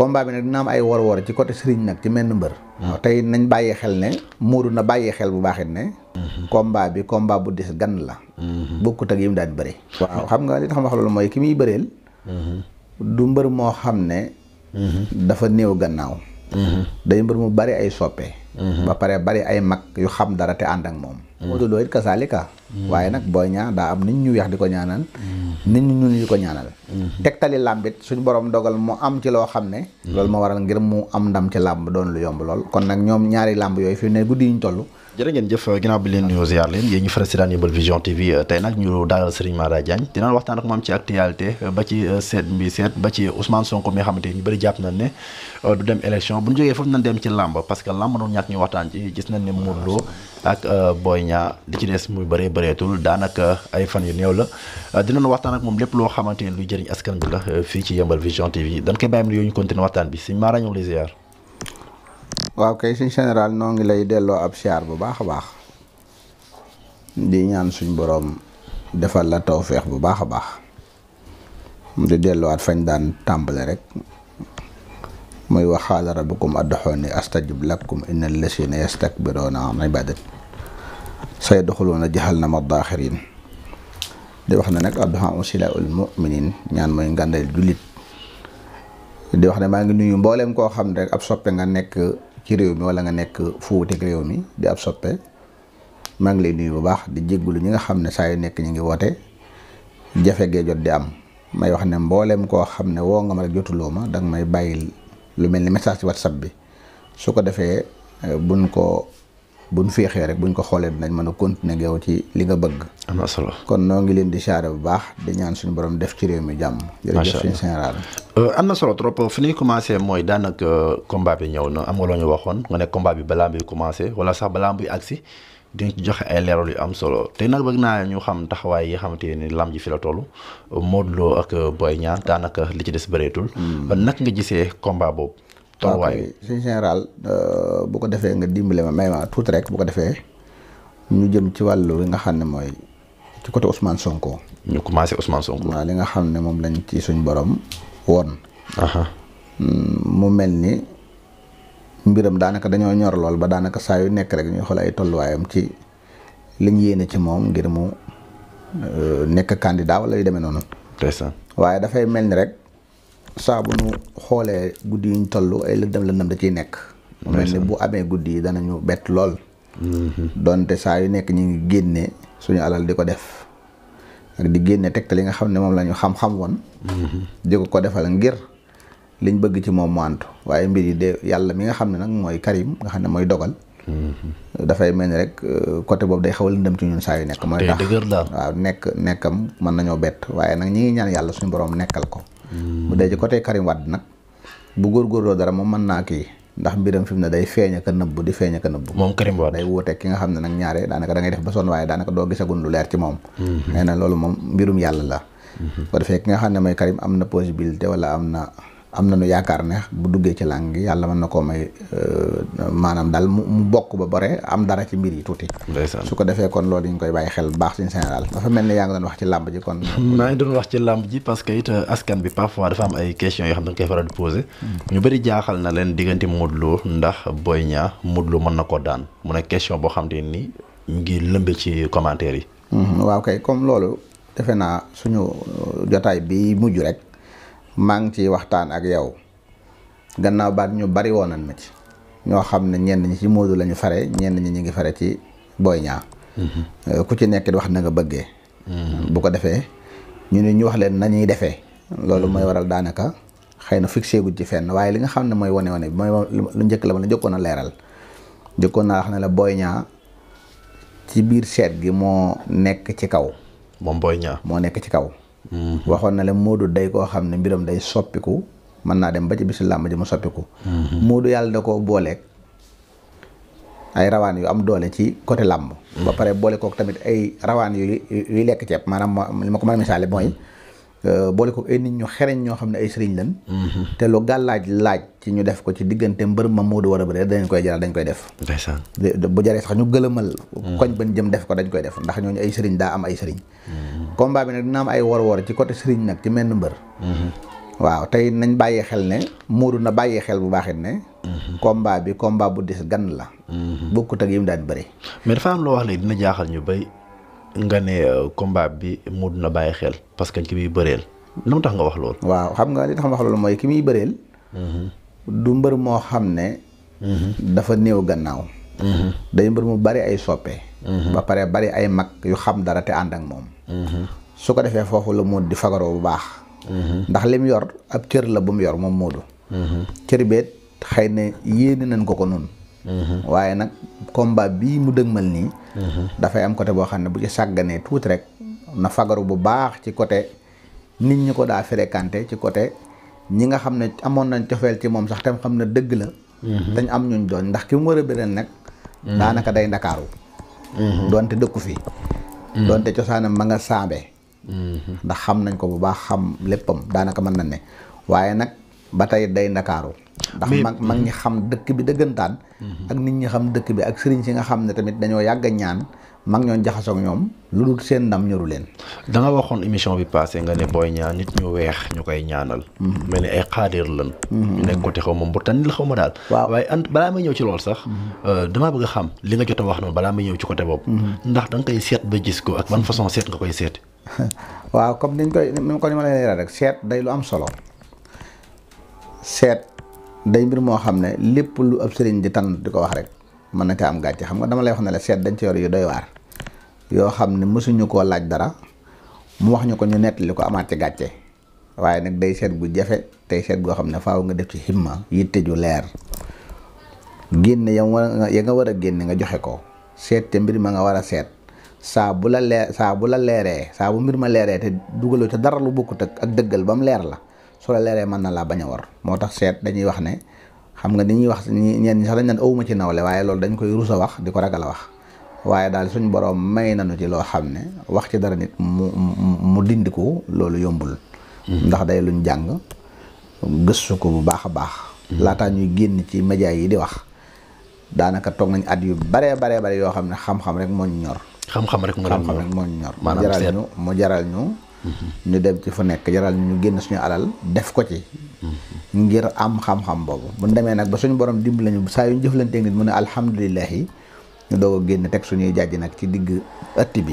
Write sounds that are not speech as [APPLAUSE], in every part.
combat bi nag dina am ay wor-wor ci côté Serigne nag ci menn mbër. tey nañ bàyyi xel ne muuru na bàyyi xel bu baaxit ne. combat bi komba bu dis gann la. bokkut ak yi mu daan bëri. waaw xam nga li tax ma wax loolu mooy ki muy bëreel. du mbër moo xam ne. dafa néew gannaaw. Mhm. day mbër mu bari ay soppe. Mhm. ba pare bari ay mag yu xam dara te ànd ak moom. Modou Lo it kasaalika waaye nag Boy Niang daa am nit ñu weex di ko ñaanal nit ñu ñuul di ko ñaanal tegtali làmbit suñ borom dogal mu am ci loo xam ne loolu ma waral ngir mu am ndam ci làmb doon lu yomb lool kon nag ñoom ñaari làmb yooyu fi ne guddi ñu tollu jërë ngeen jëf ginnaaw bi leen nuyoo ziar leen yéen ñu faral si daan Vision TV euh, tey nag ñu daalal Serigne Mara Diagne dinaan waxtaan ak moom euh, ba ci euh, seet bi seet mi nga xamante ñu bëri jàpp nañ ne dem élection bu ñu jógee foofu nañ dem ci làmb parce que làmb noonu ñàkk ñu waxtaan ci gis nañ ne Modou Lo ak Boy Niang di ci des daanaka ay fan yu néew la dinañ waxtaan ak moom lépp loo xamante ne luy jëriñ askan bi la fii ci yëmbal Vision TV dañ koy bàyyim li yooyu ñu continuer waxtaan bi Serigne Mara ñëw lay ziar waaw kay suñ général noo ngi lay delloo ab siyaar bu baax a baax di ñaan suñ boroom defal la tawféex bu baax a baax di delluwaat fañ daan tàmbale rek muy wax xaala rabbukum adduxooni astajib lakum inna allasina yastakbiroona an ibadati sayadxuluuna jahannama daaxirin di wax ne nag adduxaa usilaaul muminin ñaan mooy ngàndal jullit di wax ne maa ngi nuyu mbooleem koo xam ne ab soppe nga nekk ci réew mi wala nga nekk fu wuteeg réew mi di ab soppe maa ngi lay nuyu bu baax di jéggulu ñi nga xam ne saa yu nekk ñu ngi woote jafe gee jot di am may wax ne mbooleem koo xam ne woo nga ma rek jotuloo ma danga may bàyyil lu mel ni message ci whatsapp bi su ko defee eh, bun ko bu buñ féexee rek bu ñu ko xoolee dinañ mën a continuer geew ci li nga bëgg. am na solo kon noo ngi leen di saare bu baax di ñaan suñu borom def ci réew mi jàmm. jërëjëf euh, am na solo trop euh, fi ñuy commencé mooy daanaka euh, combat bi ñëw na am nga loo ñu waxoon nga ne combat bi balaa muy commencé wala sax balaa muy agsi dinañ ci joxe ay leeral yu am solo te nag bëgg naa ñu xam taxawaay yi nga xamante ni lam ji fi la toll Modou loo ak Boy Niang daanaka li ci des bëreetul. Hmm. naka nga gisee combat boobu. tolluwaay suñ général euh, bu ko defee nga dimbale ma may ma tuuti rek bu ko defee ñu jëm ci wàllu li nga xam ne mooy ci côté Ousmane Sonko. ñu commencé Ousmane Sonko. waaw li nga xam ne moom lañ ci suñ borom woon. Mm, mu mel ni mbiram daanaka dañoo ñor lool ba daanaka saa yu nekk rek ñuy xool ay tolluwaayam ci liñ yéene ci moom ngir mu euh, nekk candidat wala yu demee noonu. waaye dafay mel ni rek. saa bu nu xoolee guddi yi ñu toll ay lëndëm lëndëm da ciy nekk. mu mel bu amee guddi yi danañu bett lool. Mm-hmm. donte saa yu nekk ñu ngi génne suñu alal di ko def ak di génne tegtal li nga xam ne moom la ñu xam-xam woon. Mm-hmm. di ko ko defal ngir liñ bëgg ci moom mu antu waaye mbir yi de yàlla mi nga xam ne nag mooy Karim nga xam ne mooy dogal. Mm-hmm. dafay mel ni rek euh, côté boobu day xaw a lëndëm ci ñun saa yu nekk. mooy tax waaw nekk nekkam mën nañoo bett waaye nag ñi ngi ñaan yàlla suñu borom nekkal ko. bu dee ci côté Karim Wade nag bu góor góorgóorloo dara moom mën naa kii ndax mbiram fi mu ne day feeñ ak a nëbbu di feeñ ak a nëbbu moom Karim Wade day wuuteeg ki nga xam ne nag ñaare daanaka dangay def ba sonn waaye daanaka doo gisagun lu leer ci moom mhm. nee loolu moom mbirum yàlla la bu mhm. defee ki nga xam ne mooy Karim am na possibilité wala am na am nañu yaakaar ne bu duggee ci làng gi yàlla mën na koo may euh, maanaam daal mu bokk ba bare am dara ci mbir yi tuuti. su ko defee kon loolu ñu koy bàyyi xel bu baax suñu général. dafa mel ni yaa ngi doon wax ci làmb ji kon. [LAUGHS] maa ngi doon wax ci làmb ji parce que it euh, askan bi parfois dafa am ay questions yoo xam ne dañ koy faral di poser. Hmm. ñu bari jaaxal na leen diggante Modou Lo ndax Boy Niang Modou Lo mën na koo daan mu ne question boo xam te ni ngi lëmbe ci commentaire hmm, waaw kay comme loolu defe naa suñu euh, jotaay bi mujj rek. maa ngi ciy waxtaan ak yow gannaaw baat ñu bari woon nañ ma ci ñoo xam ne ñenn ñi ci Modou lañu ñu fare ñenn ñi ñu ngi fare ci Boy Niang mm-hmm. ku ci nekk wax na nga bëggee mm-hmm. bu ko defee ñu ne ñu wax leen nañuy defee loolu mooy waral daanaka xëy na fixé gu ci fenn waaye li nga xam ne mooy wane wane bi mooy lu njëkk la ma la jëkkoon a leeral jëkkoon naa wax ne la Boy ñaa ci biir seet gi moo nekk ci kaw moom Boy Niang moo nekk ci kaw waxoon na leen Moodu day koo xam ne mbiram day soppiku mën naa dem ba ci bisu làmb ji mu soppiku. Mhm. Moodu yàlla da koo booleek ay rawaan yu am doole ci côté làmb. ba pare boole kook tamit ay rawaan yu yuy lekk ceeb maanaam li ma ko mën a misaale mooy. Euh, boole ko ay nit ñu xereñ ñoo xam ne ay sëriñ lan mm-hmm. te lu gàllaaj laaj ci ñu def ko ci diggante mbër ma moo war a bëre dañ koy jaral dañ koy def ndeysaan bu jaree sax ñu gëlëmal mm-hmm. koñ bañ jëm def ko dañ koy def ndax ñooñu ay sëriñ daa am ay sëriñ mm-hmm. combat bi nag dina am ay wor wor ci côté sëriñ nag ci menn mbër waaw tey nañ bàyyi xel ne Modou na bàyyi xel bu baaxit ne combat bi komba bu dis gann la bokkut ak yi mu daan bëri mais dafa am loo wax ne dina jaaxal ñu bay nga ne euh, combat bi Modou na bàyyi xel parce que ki muy bëreel lu mu tax nga wax loolu. waaw xam nga ni tax ma wax loolu mooy ki muy bëreel. Mhm. du mbër moo xam ne. Mhm. dafa néew gannaaw. Mhm. day mbër mu bari ay soppe. ba pare bari ay mag yu xam dara te ànd ak moom. su ko defee foofu la Modou di fagaroo bu baax. ndax lim yor ak cër la bu mu yor moom Modou. cër beet xëy na yéene nañ ko ko noonu. Mm-hmm. waaye nag combat bii mu dëgmal nii. Mm-hmm. dafay am côté boo xam ne bu ci sàgganee tuuti rek na fagaru bu baax ci côté nit ñi ko daa fréquenté ci côté ñi nga xam ne amoon nañ cofeel ci moom sax tam xam na dëgg la. Mm-hmm. dañ am ñuñ doon ndax ki mu war a bëre nag. daanaka day ndakaaru. doonte dëkku fi. doonte cosaanam ma nga saabe. ndax xam nañ ko bu baax xam léppam daanaka mën na ne waaye nag. ba tey day ndakaaru ndax mag mag ñi xam dëkk bi dëggantaan ak nit ñi xam dëkk bi ak sëriñ si nga xam ne tamit dañoo yàgg a ñaan mag ñooñ jaxasook ñoom lu dul seen ndam ñoru leen da nga waxoon émission bi passé nga ne booy ñaan nit ñu weex ñu koy ñaanal mhm. mel ni ay xaadir lan mhm. ñu nekk côté xaw ma mburtani la xaw ma daal waaw waaye an balaa may ñëw ci lool sax mhm. euh, damaa bëgg a xam li nga jot a wax noonu balaa may ñëw ci côté boobu ndax da koy seet ba gis ko ak ban façon seet koy seet [LAUGHS] waaw comme niñ koy ko ni ma lay rek seet day lu am solo seet day mbir moo xam ne lépp lu ab sëriñ di tan di ko wax rek mën na ca am gàcce xam nga dama lay wax ne la seet dañ ci yor yu doy waar yoo xam ne mësuñu koo laaj dara mu wax ñu ko ñu nettali ko amaat ci gàcce waaye nag day seet gu jafe tey seet goo xam ne faaw nga def ci himma yitte ju leer génne ya nga war a génne nga joxe ko seet te mbir ma nga war a seet saa bu la leer saa bu la leeree saa bu mbir ma leeree te dugaloo ca dara lu bokkut ak dëggal ba mu leer la su la leeree mën na laa bañ a war moo tax seet dañuy wax ne xam nga dañuy wax ñenn ñi sax dañ naan awuma ci nawle waaye loolu dañ koy rusa wax di ko ragal a wax waaye daal suñ boroom may nañu ci loo xam ne wax ci dara nit mu mu ko loolu yombul. ndax day luñ jàng gëstu ko bu baax a baax. laataa ñuy génn ci média yi di wax daanaka toog nañ at yu baree baree bare yoo xam ne xam-xam rek moo ñu ñor. xam-xam xam-xam rek moo ñu ñor. maanaam mu jaral ñu mu jaral ñu. ñu dem ci fu nekk jaral ñu génn suñu alal def ko ci ngir am xam-xam boobu bu ñu demee nag ba suñu borom dimbali lañu saa yu ñu jëflantee nit mu ne alhamdulilahi ñu doog génn teg suñuy jàjj nag ci digg ëtt bi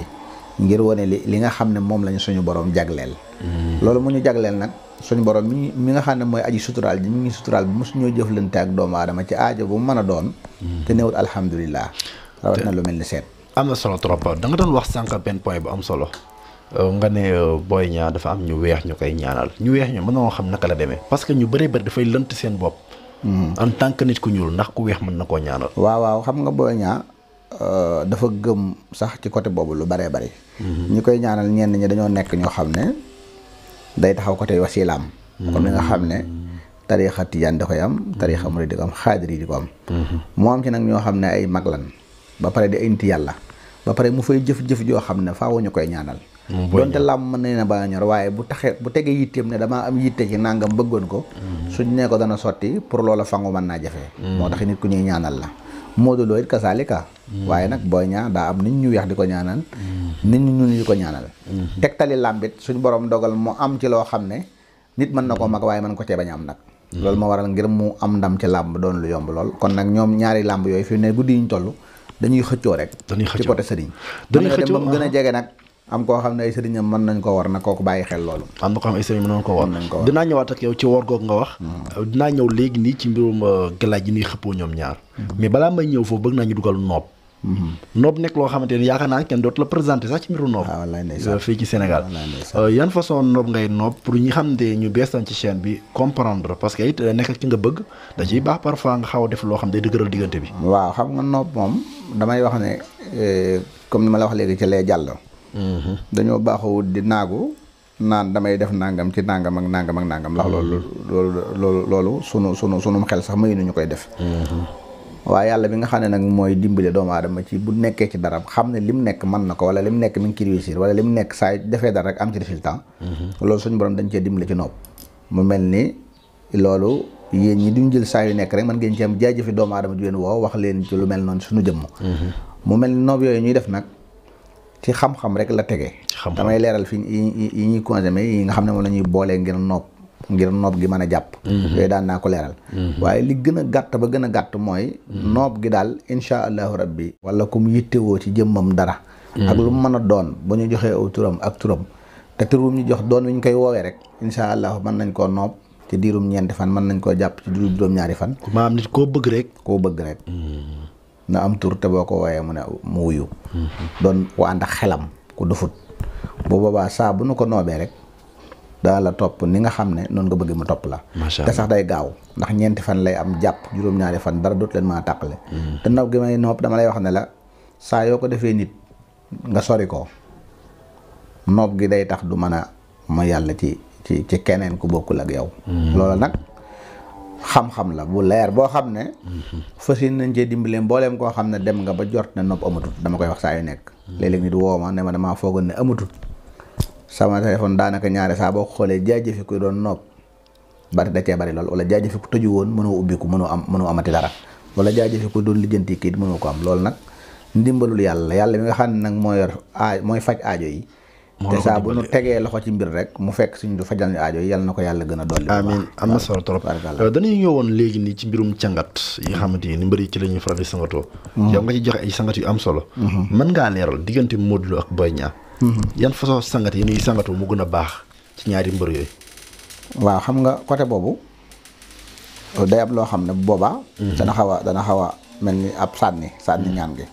ngir wone li li nga xam ne moom lañu suñu borom jagleel mm-hmm. loolu mu ñu jagleel nag suñu borom mi mi nga xam ne mooy aji suturaal ji mi ngi suturaal bi suñu jëflante ak doomu aadama ci aajo bu mu mën a doon mm-hmm. te néewut alhamdulilah rawat na lu mel ni seet am solo trop da nga doon wax sànq benn point am solo Euh, nga ne euh, booy Niang dafa am ñu weex ñu koy ñaanal ñu weex ñu mën na mënoo xam naka la demee parce que ñu bëree bëri dafay lënt seen bopp. Hmm. en tant que nit ku ñuul ndax ku weex mën na koo ñaanal. waaw waaw xam nga Boy Niang euh, dafa gëm sax ci côté boobu lu bëree bëri. Hmm. ñi koy ñaanal ñenn ñi dañoo nekk ñoo xam ne day taxaw côté wasilaam. comme ni nga xam ne hmm. tariixa tijaan da koy am tariixa murid di ko am xaadir yi di ko am. moo am ci nag ñoo xam ne ay mag lan ba pare di inti yàlla ba pare mu fay jëf-jëf joo xam ne faaw ñu koy ñaanal. donte làmb mën na ne ba ñor waaye bu taxee bu tegee yitteem ne damaa am yitte ci nangam bëggoon ko mhm. suñ ne ko dana sotti pour loola fangu man naa jafe mhm. moo tax nit ku ñuy ñaanal la Modou Lo it kasaalika mhm. waaye nag booy ñaa daa am nit ñu weex di ko ñaanal nit ñu ñuul di ko ñaanal tali làmbit suñ borom dogal mu am ci loo xam ne nit mën na koo mag waaye mën ko cee bañ am nag loolu ma waral ngir mu am ndam ci làmb doon lu yomb lool kon nag ñoom ñaari làmb yooyu fi ne guddi ñu toll dañuy xëccoo rek ci côté sëriñ dañuy xëccoo am koo xam ne ay sëriñam mën nañ ko war na kooku bàyyi xel loolu am na koo xam ne ay sëriñ mën nañ ko war dinaa ñëwaat ak yow ci woor googu nga wax hmm. euh, dinaa ñëw léegi nii ci mbirum euh, galaaj yi ñuy xëppoo ñoom ñaar hmm. mais balaa may ñëw foofu bëgg naa ñu dugal noob hmm. noob nekk loo xamante ne yaakaar naa kenn dootu la présenté sax ci mbiru noob ah, euh, fii ci Sénégal ah, yan façon noob ngay noob pour ñi xam ne ñu bees nañ ci chaîne bi comprendre parce que it nekk ki nga bëgg da ciy baax parfois nga xaw a def loo xam ne dëgëral bi waaw xam nga moom damay wax ne comme ni ma la wax léegi ci lay dañoo baaxoo di naagu naan damay def nangam ci nangam ak nangam ak nangam ndax loolu mm-hmm. loolu loolu loolu sunu sunu sunum xel sax mayu ñu koy def mm-hmm. waaye yàlla bi nga xam ne nag mooy dimbale doomu aadama ci bu nekkee ci dara xam ne lim nekk mën na ko wala lim nekk mi ngi ci réussir wala lim nekk saa defee dara rek am ci résultat mm-hmm. loolu suñ boroom dañ cee dimbale ci nopp mu mel ni loolu yéen ñi duñ jël saa yu nekk rek man ngeen ci am jaajëfi doomu adama ju leen woo wax leen ci lu mel noonu suñu jëmm mu mel ni noob yooyu ñuy def nag ci xam-xam rek la tege. damay leeral fi yi yi ñuy consommer yi nga xam ne moom la ñuy boolee ngir nopp ngir noob gi mën a jàpp. Mhm. yooyu daan naa ko leeral. Mhm. waaye li gën a gàtt ba gën a gàtt mooy. Mhm. noob gi daal incha allahu rabbi. wala kum yittewoo ci jëmmam dara. ak lu mu mën a doon ba ñu joxee aw turam ak turam. te turam ñu jox doon wi ñu koy woowee rek. incha allah mën nañ koo noob ci diirum ñeenti fan mën nañ koo jàpp ci diirum juróom-ñaari fan. maam nit koo bëgg rek. koo bëgg rek. na am tur te boo ko wooyee mu ne mu wuyu. doon ku ànd xelam ku dufut. bu boobaa saa bu nu ko noobee rek daa la topp ni nga xam ne noonu nga bëgg mu topp la. te sax day gaaw ndax ñeenti fan lay am jàpp juróom-ñaari fan dara dootu leen mën a tàqale. Mm. te naw gi may noob dama lay wax ne la saa yoo ko defee nit nga sori ko noog gi day tax du mën a ma yàlla ci ci ci keneen ku bokkul ak yow. Mm. loola nag. xam-xam la bu leer boo xam ne fas yéene nañ cee dimbale mbooleem koo xam ne dem nga ba jort ne nopp amatut dama koy wax saa yu nekk léeg-léeg nit woo ma ne ma damaa foogoon ne amatut sama téléphone daanaka ñaare saa boo xoolee jaajëfi ku doon nopp bari da cee bari lool wala jaajëfi ku tëju woon mënoo ubbiku mënoo am mënoo amati dara wala jaajëfi ku doon lijjanti kii mënoo ko am loolu nag ndimbalul yàlla yàlla mi nga xam ne nag moo yor mooy faj aajo yi te saa bu ñu tegee loxo ci mbir rek mu fekk suñu du fajal ñu aajo yal na ko yàlla gën a dolli. amiin am na solo trop euh, dañuy ñëwoon léegi nii ci mbirum cangat yi xamante ni mbëri ci la ñuy faral di sangatoo. Mhm. yow nga ci joxe ay sangat yu am solo. Mhm. mën ngaa leeral diggante Modou Lo ak Boy Niang. Mhm. yan façon sangat yi nu ñuy sangatoo mu gën a baax ci ñaari mbër yooyu. waaw xam nga côté boobu day am loo xam ne boobaa. dana xaw a dana xaw a mel ni ab sànni sànni ñaan gi.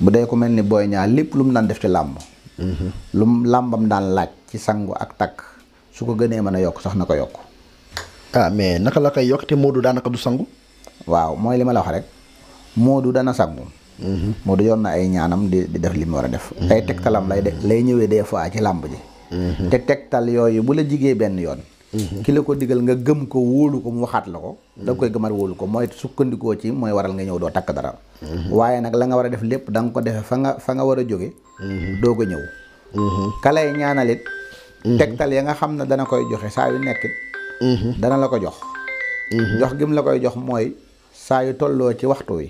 bu dee ko mel ni booy Niang lépp lu mu daan def ci làmb mhm. lu mu làmbam daan laaj ci sangu ak takk su ko gënee mën a yokk sax na ko yokk ah mais naka la koy yokk te Modou daanaka du sangu waaw mooy li ma la wax rek Modou dana sangu mhm. Modou yoon na ay ñaanam di di def li mu war a def ay mhm. tegtalam lay de lay ñëwee des fois ci làmb ji te tegtal yooyu bu la jigee benn yoon Mm-hmm. ki la ko digal nga gëm ko wóolu ko mu waxaat la ko mm-hmm. da koy gëmaat wóolu ko mooy sukkandikoo ci mooy waral nga ñëw doo takk dara mm-hmm. waaye nag la nga war a def lépp danga ko defee fa nga fa nga war a jóge doo ko ñëw kalay ñaanalit tegtal ya nga xam ne dana koy joxe saa yu nekkit dana la ko jox jox gim la koy jox mooy saa yu tolloo ci waxtu wi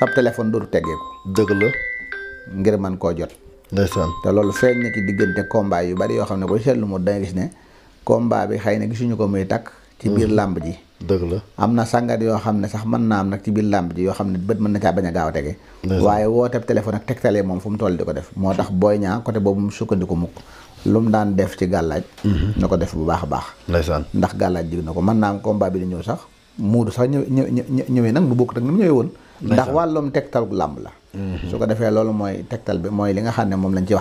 sab téléphone dootu teggeeku dëgg la ngir man koo jot ndeysaan te loolu feeñ na ci diggante combat yu bari yoo xam ne ko seetlu mu danga gis ne combat bi xëy na gisuñu ko muy takk ci biir mhm. làmb ji dëgg la am na sangat yoo xam ne sax mën naa am nag ci biir làmb ji yoo xam ne bët mën na caa bañ a gaaw a tege waaye wooteeb téléphone ak tegtalee moom fu mu toll di ko def moo tax booy ñaa côté boobu mu sukkandiku mukk lu mu daan def ci gàllaaj mhm. na ko def bu baax a baax ndeysaan ndax gàllaaj jig na ko mën naa am combat bi di ñëw sax muudu sax ñëw ñëw ñëwee nag mu bokk nag ni mu ñëwee woon ndax wàllum tegtal làmb la Mm-hmm. su ko defee loolu mooy tegtal bi mooy li nga xam ne moom lañ la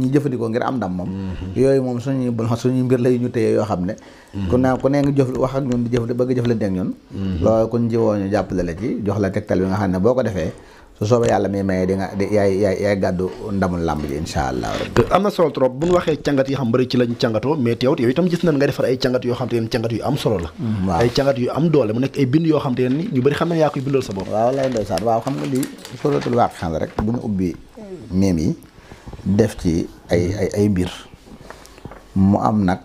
ñuy jëfandikoo ngir am ndam moom mm-hmm. yooyu moom suñuy bon suñuy mbir la yu ñu téye yoo xam ne mm-hmm. ku ne ku ne nga jëf wax ak ñun di jëf bëgg jëflante ak ñun loolu kuñ jiwoo ñu jàppale la jox la tegtal bi nga xam ne boo ko defee su soobee yàlla mi maye di nga di yaay yaay yaay gàddu ndamul làmb ji incha allah am na solo trop bu ñu waxee cangat yi xam bëri ci lañ cangatoo mais teewut yow itam gis nañ nga defar ay cangat yoo xam ne yoo xam ne ñu bëri yaa koy bindal sa bopp waaw lay ndeysaan waaw xam nga lii suratul waaqi'a la rek bu ñu ubbi meem yi def ci ay ay ay mbir mu am nag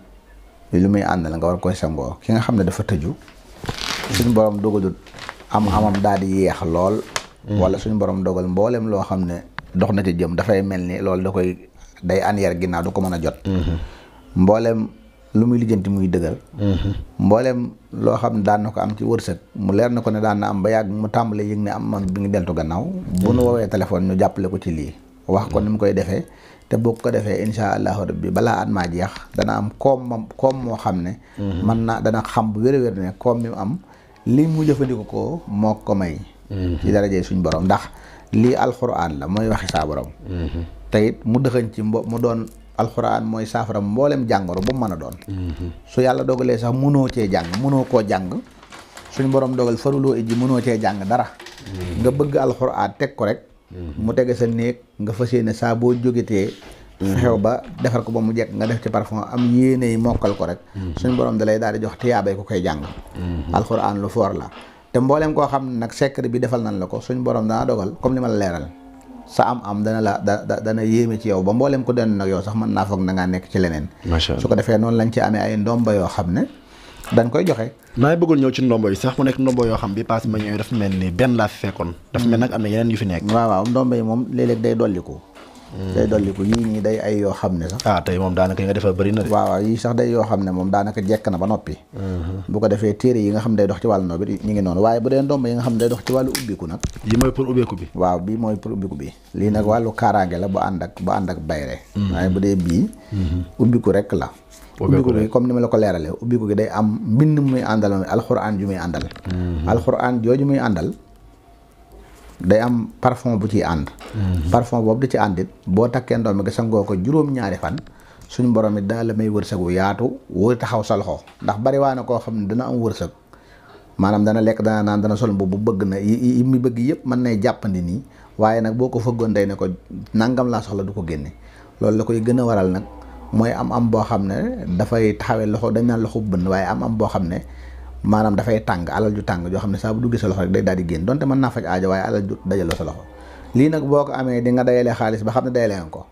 lu muy àndal nga war koy sangoo ki nga xam ne dafa tëju suñ borom dogalut am amam daal di yeex lool mm. wala suñu borom dogal mbooleem loo xam ne dox na ci jëm dafay mel ni loolu da koy day an yar ginnaaw du ko mën a jot mm-hmm. mboolem lu muy lijjanti muy dëggal. Mhm. mboolem loo xam ne daan na am ci wërsëg. mu leer na ko ne daan na am ba yàgg mu tàmbalee yëg ne am man bi ngi deltu gannaaw. bu nu mhm. woowee téléphone ñu jàppale ko ci lii. wax ko ni mu koy defee te boo ko defee incha allahu rabbi balaa at maa jeex dana am koom koom moo xam ne. man mhm. naa dana xam bu wér-wér ne koom mi am lii mu jëfandikoo ko moo ko may. ci daraje suñ borom ndax lii alxuraan la mooy waxi saa borom. te mu dëxëñ alxuraan mooy saafara mboolem jàngoro bu mu mën a doon. Mhm. su yàlla dogalee sax mënoo cee jàng mënoo koo jàng suñ borom dogal faruloo ji mënoo cee jàng dara. Mhm. nga bëgg alxuraan teg ko rek. Mhm. mu tege sa néeg nga fas yéene saa boo jógetee. xew ba defar ko ba mu jekk nga def ci parfum am yéene mokkal ko rek. suñ borom da lay daal di jox tiyaabay ko koy jàng. alxuraan lu foor la. te mboolem koo xam ne nag secret bi defal nañ la ko suñ borom dana dogal comme li ma la leeral. sa am-am dana la da dana yéeme ci yow ba mboolem ko den nag yow sax mën naa foog na nekk ci leneen. macha allah su ko defee noonu lañ ci amee ay ndomba yoo xam ne dañ koy joxe. naa bëggul ñëw ci ndombo yi sax mu nekk ndombo yoo xam bi paas ma ñëw dafa mel ni benn laa fi fekkoon. dafa mel mm. nag am na yeneen yu fi nekk. waaw waaw ndombo yi moom léeg-léeg day ko day dolliku yii nii day ay yoo xam ne sax ah tey moom daanaka yi nga defal bëri na de waaw yii sax day yoo xam ne moom daanaka jekk na ba noppi mhm. bu ko defee téere yi nga xam ne day dox ci wàllu noo bi ñu ngi noonu waaye bu dee ndomb yi nga xam ne day dox ci wàllu ubbiku nag yi mooy pour ubbiku bi waaw bii mooy pour ubbiku bi lii nag wàllu kaaraange la bu ànd ak bu ànd ak bayre mhm. waaye bu dee bii mhm. ubbiku rek la ubbiku bi comme ni ma la ko leeralee ubbiku gi day am mbind muy àndal moom alxuraan ju muy àndal alxuraan jooju muy àndal day am parfum bu ciy ànd. Mhm. parfum boobu da ci ànd boo takkee ndox mi nga sangoo ko juróom-ñaari fan suñu borom it daal la may wërsëgu yaatu woo taxaw sa loxo ndax bari waa na koo xam ne dana am wërsëg maanaam dana lekk dana naan dana sol bu bëgg na yi mu bëgg yëpp mën nay jàppandi nii waaye nag boo ko fëggoon day ne ko nangam laa soxla du ko génne loolu la koy gën a waral nag mooy am am boo xam ne dafay taxawee loxo dañ naan loxo bënn waaye am am boo xam ne maanaam dafay tàng alal ju tàng joo xam ne saa bu duggee sa loxo rek day daal di génn donte mën naa faj aajo waaye alal ju dajaloo sa loxo lii nag boo ko amee di nga dayalee xaalis ba xam ne dayalee nga ko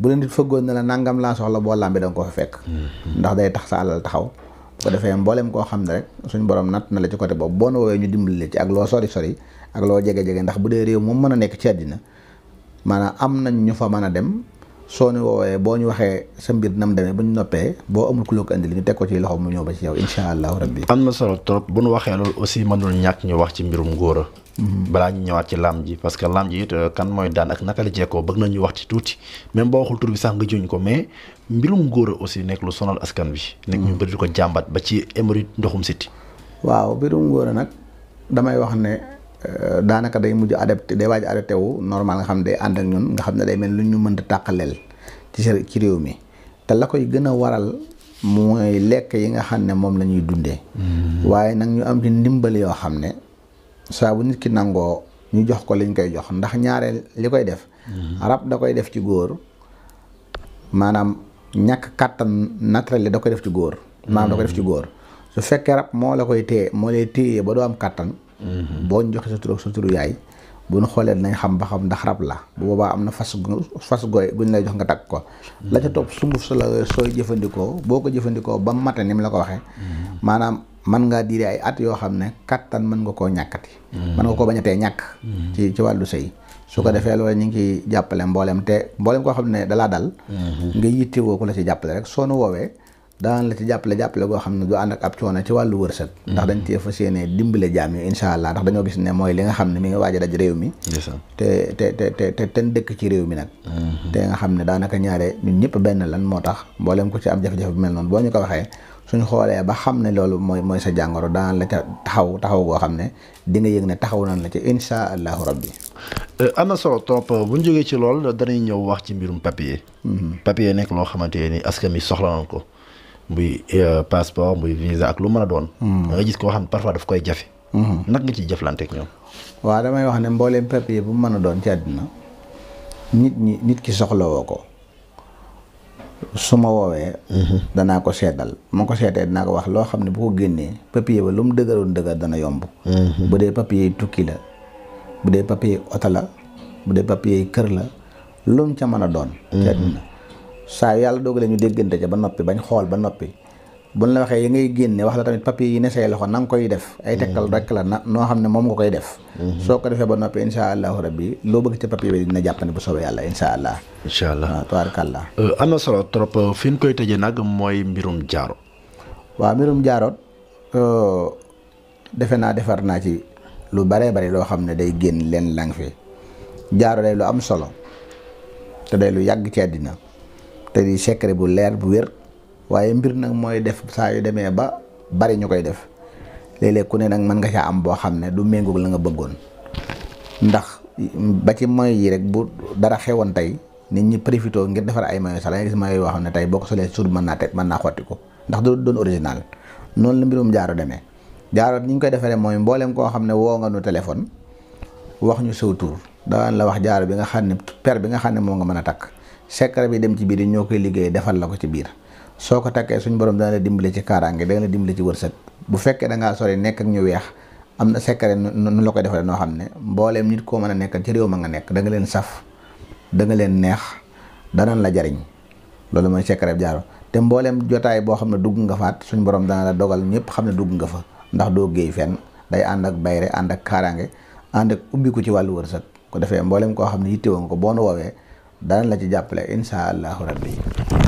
bu la nit fëggoon ne la nangam laa soxla boo làmbi da nga ko fa fekk mm-hmm. ndax day tax sa alal taxaw bu ko defee mbooleem koo xam ne rek suñ borom natt na la ci côté boobu boo na woowee ñu dimbali ci ak loo sori sori ak loo jege jege ndax bu dee réew moom mën a nekk ci àddina maanaam am nañ ñu fa mën a dem soo ñu woowee boo ñu waxee sa mbir nam demee bu ñu noppee boo amul ku la ko indil ñu teg ko ci loxo mu ñëw ba ci yow incha allahu rabbi am na solo trop bu ñu waxee loolu aussi mënul ñàkk ñu wax ci mbirum ngóora mm-hmm. balaa ñu ñëwaat ci lam ji parce que lam ji it euh, kan mooy daan ak naka la jeekoo bëgg nañu wax ci tuuti même boo waxul tur bi sax nga juñ ko mais mbirum ngóora aussi nekk lu sonal askan wi nekk ñu mm-hmm. bëri di ko jàmbat ba ci émeri ndoxum siti waaw mbirum ngóora nag damay wax ne Euh, daanaka day mujj adapté day waaj adapté wu normal nga xam ne day ànd ak ñun nga xam ne day mel lu ñu mën a tàqaleel ci ci réew mi te la koy gën a waral mooy lekk yi nga xam ne moom lañuy ñuy dundee. Mm-hmm. waaye nag ñu am ci ndimbal yoo xam ne saa bu nit ki nangoo ñu jox ko liñ koy jox ndax ñaareel li koy def. Mm-hmm. rab da koy def ci góor maanaam ñàkk kàttan naturel li da koy def ci góor. maanaam da koy def ci mm-hmm. góor su fekkee rab moo la koy téye moo lay téye ba doo am kàttan. Mm-hmm. boo ñu joxe sa turu sa turu yaay bu nu xoolee nañ xam ba xam ndax rab la bu boobaa am na fas fas gooy bu ñu lay jox nga takk ko. la ca topp sunguf sa la sooy jëfandikoo boo ko jëfandikoo ba mate ni mu la ko waxee. Mm-hmm. maanaam mën ngaa diire ay at yoo xam ne kattan mën nga koo ñàkkati. Mm-hmm. mën nga koo bañ a tee ñàkk. ci ci wàllu sëy su ko defee loolu ñu ngi ciy jàppale mboolem te mboolem koo xam ne dalaa dal. nga yittewoo ko la ci jàppale rek soo nu woowee. daan la ci jàppale jàppale goo xam ne du ànd ak ab a ci wàllu wërsëg mm-hmm. ndax dañ cee fas yéene dimbale jaam yi incha allah ndax dañoo gis ne mooy li nga xam ne mi ngi waaj a daj réew mi te te te te te ten dëkk ci réew mi nag mm-hmm. te nga xam ne daanaka ñaare ñun ñëpp benn lan moo tax mboolem ko ci am jafe-jafe bu mel noonu boo ñu ko waxee suñ xoolee ba xam ne loolu mooy mooy sa jàngoro daan la ca taxaw taxaw goo xam ne di nga yëg ne taxaw nañ la ci incha allahu rabbi eh, am na solo trop bu ñu jógee ci lool danañ ñëw wax ci mbirum papier mm-hmm. papier nekk loo xamante ni askan mi soxla nañ ko muy euh, passeport muy visa ak lu mën a doon. Hmm. da nga gis koo xam ne parfois daf koy jafe. Hmm. nag nga ci jëflante ak ñoom. waaw damay wax ne mbooleem papier bu mu mën a doon ci àddina nit ñi nit ki soxlawoo ko su ma woowee. Hmm. danaa ko seetal ma ko seetee dinaa ko wax loo xam ne bu ko génnee papier ba lu mu dëgëroon dëgër dana yomb. bu dee papier tukki la bu dee papier oto la bu dee papier kër la lu mu ca mën a doon. ci àddina saa yàlla dogalee ñu déggante ca ba noppi bañ xool ba noppi buñ la waxee yi ngay génne wax la tamit papier yi ne say loxo nanga koy def ay tegtal mm-hmm. rek la na noo xam ne moom nga koy def mm-hmm. soo ko defee ba noppi insha allahu rabbi loo bëgg ci papier bi dina jàppane bu soobee yàlla insha allah insha allah waaw tabaarakallah euh, am na solo trop euh, koy tëjee nag mooy mbirum jaaro waaw jaaro euh, defe naa defar ci lu baree bari loo xam ne day génn leen lang fi jaaro lu am solo te day lu yàgg ci àddina te di secret bu leer bu wér waaye mbir nag mooy def saa yu demee ba bari ñu koy def léeg ku ne nag mën nga caa am boo xam ne du méngoog la nga bëggoon ndax ba ci moy yi rek bu dara xewoon tey nit ñi profité ngir defar ay mayo sax la nga gis mayo yoo xam ne tey boo ko solee suur mën naa teg mën naa xotti ko ndax du doon original noonu la mbirum jaaro demee jaaro ni ñu koy defaree mooy mboolem koo xam ne woo nga nu téléphone wax ñu saw tur daan la wax jaaro bi nga xam ne per bi nga xam ne moo nga mën a takk secret bi dem ci biir yi ñoo koy liggéey defal la ko ci biir soo ko takkee suñ borom dana la dimbale ci kaaraange dana la dimbale ci wërsëg bu fekkee dangaa ngaa sori nekk ak ñu weex am na secret nu la koy defalee noo xam ne mbooleem nit koo mën a nekk ci réew ma nga nekk da nga leen saf da leen neex danañ la jariñ loolu mooy secret bi jaaro te mbooleem jotaay boo xam ne dugg nga faat suñ borom dana dogal ñëpp xam ne dugg nga fa ndax doo géey fenn day ànd ak bayre ànd ak kaaraange ànd ak ubbi ko ci wàllu wërsëg ko defee mbooleem koo xam ne yittewoo nga ko boo nu woowee daan la ci jàppale incha allahu rabbi